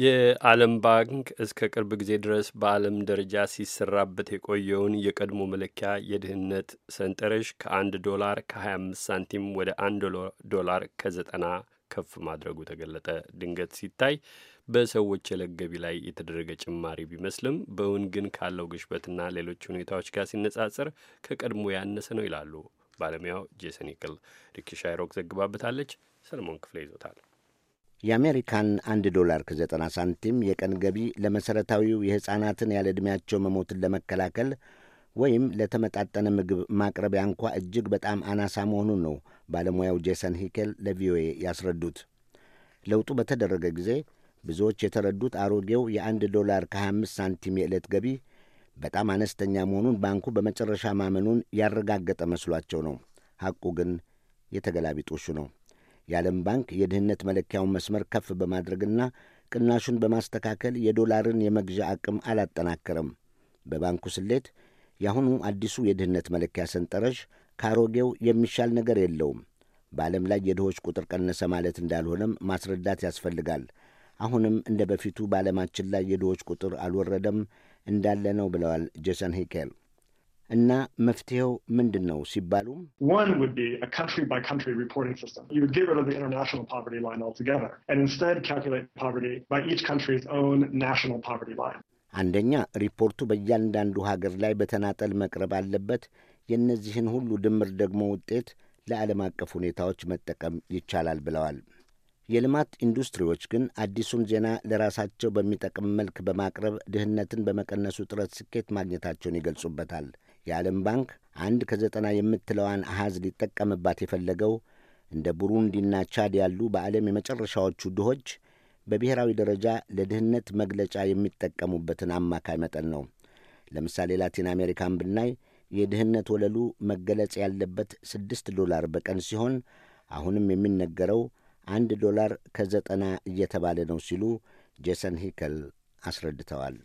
የዓለም ባንክ እስከ ቅርብ ጊዜ ድረስ በዓለም ደረጃ ሲሰራበት የቆየውን የቀድሞ መለኪያ የድህነት ሰንጠረዥ ከአንድ ዶላር ከ25 ሳንቲም ወደ አንድ ዶላር ከዘጠና ከፍ ማድረጉ ተገለጠ። ድንገት ሲታይ በሰዎች የለገቢ ላይ የተደረገ ጭማሪ ቢመስልም በእውን ግን ካለው ግሽበትና ሌሎች ሁኔታዎች ጋር ሲነጻጽር ከቀድሞ ያነሰ ነው ይላሉ ባለሙያው ጄሰን ይክል። ሪኪ ሻይሮክ ዘግባበታለች። ሰለሞን ክፍለ ይዞታል። የአሜሪካን አንድ ዶላር ከ90 ሳንቲም የቀን ገቢ ለመሠረታዊው የሕፃናትን ያለ ዕድሜያቸው መሞትን ለመከላከል ወይም ለተመጣጠነ ምግብ ማቅረቢያ እንኳ እጅግ በጣም አናሳ መሆኑን ነው ባለሙያው ጄሰን ሂኬል ለቪኦኤ ያስረዱት። ለውጡ በተደረገ ጊዜ ብዙዎች የተረዱት አሮጌው የአንድ ዶላር ከ25 ሳንቲም የዕለት ገቢ በጣም አነስተኛ መሆኑን ባንኩ በመጨረሻ ማመኑን ያረጋገጠ መስሏቸው ነው። ሐቁ ግን የተገላቢጦሹ ነው። የዓለም ባንክ የድህነት መለኪያውን መስመር ከፍ በማድረግና ቅናሹን በማስተካከል የዶላርን የመግዣ አቅም አላጠናከረም። በባንኩ ስሌት የአሁኑ አዲሱ የድህነት መለኪያ ሰንጠረዥ ካሮጌው የሚሻል ነገር የለውም። በዓለም ላይ የድሆች ቁጥር ቀነሰ ማለት እንዳልሆነም ማስረዳት ያስፈልጋል። አሁንም እንደ በፊቱ በዓለማችን ላይ የድሆች ቁጥር አልወረደም፣ እንዳለ ነው ብለዋል ጄሰን ሂኬል። እና መፍትሄው ምንድን ነው ሲባሉም አንደኛ ሪፖርቱ በእያንዳንዱ ሀገር ላይ በተናጠል መቅረብ አለበት። የእነዚህን ሁሉ ድምር ደግሞ ውጤት ለዓለም አቀፍ ሁኔታዎች መጠቀም ይቻላል ብለዋል። የልማት ኢንዱስትሪዎች ግን አዲሱን ዜና ለራሳቸው በሚጠቅም መልክ በማቅረብ ድህነትን በመቀነሱ ጥረት ስኬት ማግኘታቸውን ይገልጹበታል። የዓለም ባንክ አንድ ከዘጠና የምትለዋን አሐዝ ሊጠቀምባት የፈለገው እንደ ቡሩንዲና ቻድ ያሉ በዓለም የመጨረሻዎቹ ድሆች በብሔራዊ ደረጃ ለድህነት መግለጫ የሚጠቀሙበትን አማካይ መጠን ነው። ለምሳሌ ላቲን አሜሪካን ብናይ የድህነት ወለሉ መገለጽ ያለበት ስድስት ዶላር በቀን ሲሆን አሁንም የሚነገረው አንድ ዶላር ከዘጠና እየተባለ ነው ሲሉ ጄሰን ሂከል አስረድተዋል።